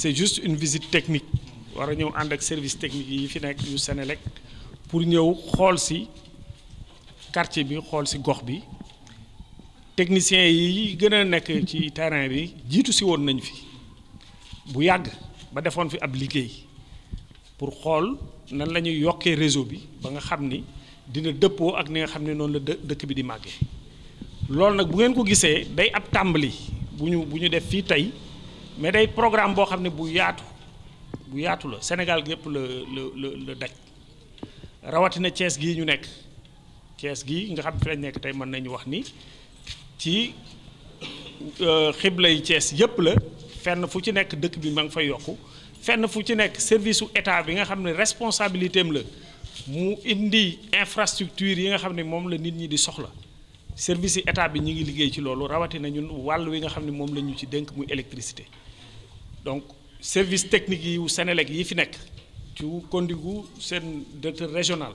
c'est juste une visite technique war a ñëw ànd ak service technique yi fi nekk yu Sénélec pour ñëw xool si quartier bi xool si gox bi techniciens yi gën a nekk ci terrain bi jiitu si woon nañ fi bu yàgg ba defoon fi ab liggéey pour xool nan la yokkee réseau bi ba nga xam ni dina dëppoo ak ni nga xam ne noonu la dëkk bi di màggee loolu nag bu ngeen ko gisee day ab tàmbali bu ñu bu ñu def fii tey mais day programme boo xam ne bu yaatu bu yaatu la Sénégal gépp la la la daj rawatina cees gi ñu nekk cees gi nga xam fi nekk tey mën nañu wax ni ci euh, xibla yi Thiès yépp la fenn fu ci nekk dëkk bi ma ngi fay yokku fenn fu ci nekk service su état bi nga xam ne responsabilité am la mu indi infrastructure yi nga xam ne moom la nit ñi di soxla service yi état bi ñu ngi liggéey ci loolu rawatina ñun wàll wi nga xam ne moom la ñu ci dénk muy électricité donc service technique yi wu yi fi nekk ci wu kondigu seen directeur régional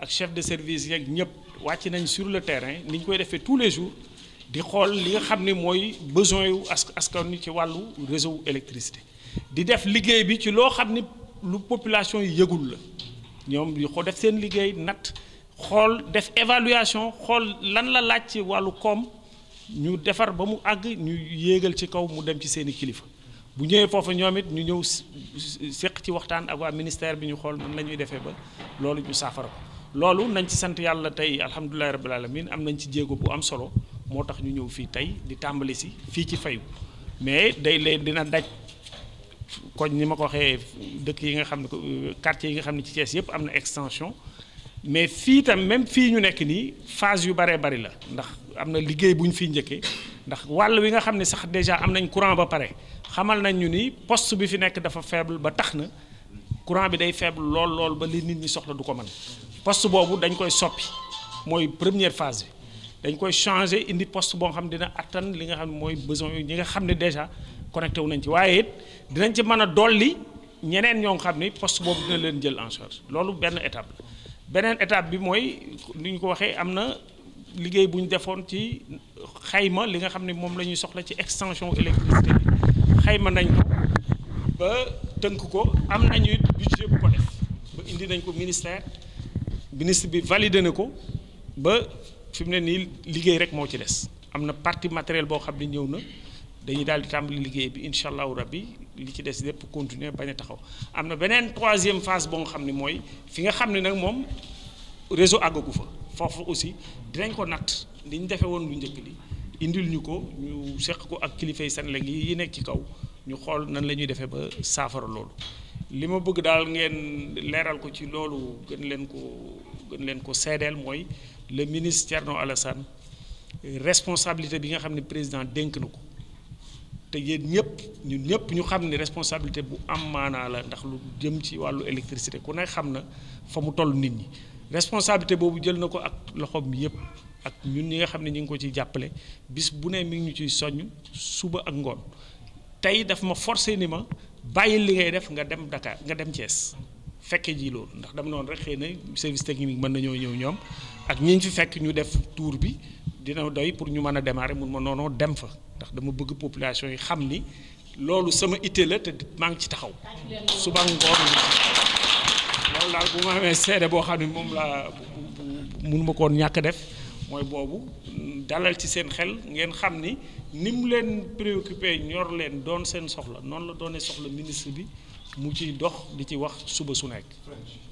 ak chef de service yeeg ñëpp wàcc nañ sur le terrain ni ñu koy defee tous les jours di xool li nga xam ne mooy besoin yu askan wi ci wàllu réseau électricité di def liggéey bi ci loo xam ni lu population yi yëgul la ñoom di ko def seen liggéey natt xool def évaluation xool lan la laaj ci wàllu koom ñu defar ba mu àgg ñu yéegal ci kaw mu dem ci seeni kilifa bu ñëwee foofu ñoom it ñu ñëw si séq ci waxtaan ak waa ministère bi ñu xool nan la ñuy defee ba loolu ñu saafara ko loolu nañ ci sant yàlla tey alhamdulilahi rabbil alamin am nañ ci jéego bu am solo moo tax ñu ñëw fii tey di tàmbali si fii ci fayu mais day leen dina daj koñ ni ma ko waxee dëkk yi nga xam ne quartier yi nga xam ne ci Thiès yëpp am na extension mais fii tam même fii ñu nekk nii phase yu baree bari la ndax am na liggéey bu ñu fiy njëkkee ndax wàll wi nga xam ne sax déjà am nañ courant ba pare xamal nañ ñu ni post bi fi nekk dafa faible ba tax na courant bi day faible lool lool ba li nit ñi soxla du ko mën post boobu dañ koy soppi mooy première phase bi dañ koy changer indi post boo xam dina attan li nga xam ne mooy besoin ñi nga xam ne déjà connecté wu nañ ci waaye it dinañ ci mën a dolli ñeneen ñoo xam ni post boobu dina leen jël en charge loolu benn étape beneen étape bi mooy ni ko waxee am na liggéey bu ñu defoon ci xayma li nga xam ne moom la ñuy soxla ci extension électricité bi xayma nañ ko ba tënk ko am nañu budget bu ko def ba indi nañ ko ministère ministre bi validé na ko ba fi mu ne nii liggéey rek moo ci des am na partie matériel boo xam ne ñëw na dañuy daal di tàmbali liggéey bi incha allahu rabbi li ci des yëpp continuer bañ a taxaw am na beneen troisième phase boo nga xam ne mooy fi nga xam ne nag moom réseau àggagu fa foofu aussi dinañ ko natt li ñu defee woon lu njëkk li indil ñu ko ñu seq ko ak kilifay Senelec yi yi nekk ci kaw ñu xool nan la ñuy defee ba saafara loolu li ma bëgg daal ngeen leeral ko ci loolu gën leen ko gën leen ko seedeel mooy le ministre Thierno Alassane responsabilité bi nga xam ne président dénk na ko te yéen ñëpp ñun ñëpp ñu xam ne responsabilité bu am maanaa la ndax lu jëm ci wàllu électricité ku ne xam na fa mu toll nit ñi responsabilité boobu jël na ko ak loxoom yépp ak ñun ñi nga xam ne ñu ngi ko ciy jàppale bis bu ne mi ngi ñu ciy soññ suba ak ngoon tey daf ma forcé ni ma bàyyi li ngay def nga dem Dakar nga dem Thiès fekke ji loolu ndax dama noonu rek xëy na service technique mën nañoo ñëw ñoom ak ñi fi fekk ñu def tour bi dina doy pour ñu mën a démarrer mun ma noonoo dem fa ndax dama bëgg population yi xam ni loolu sama itte la te maa ngi ci taxaw suba ngoon loolu daal bu ma amee seede boo xam ne moom laa mun ma ñàkk def mooy boobu dalal ci seen xel ngeen xam ni ni mu leen préoccupé ñor leen doon seen soxla noonu la doonee soxla ministre bi mu ciy dox di ci wax suba su nekk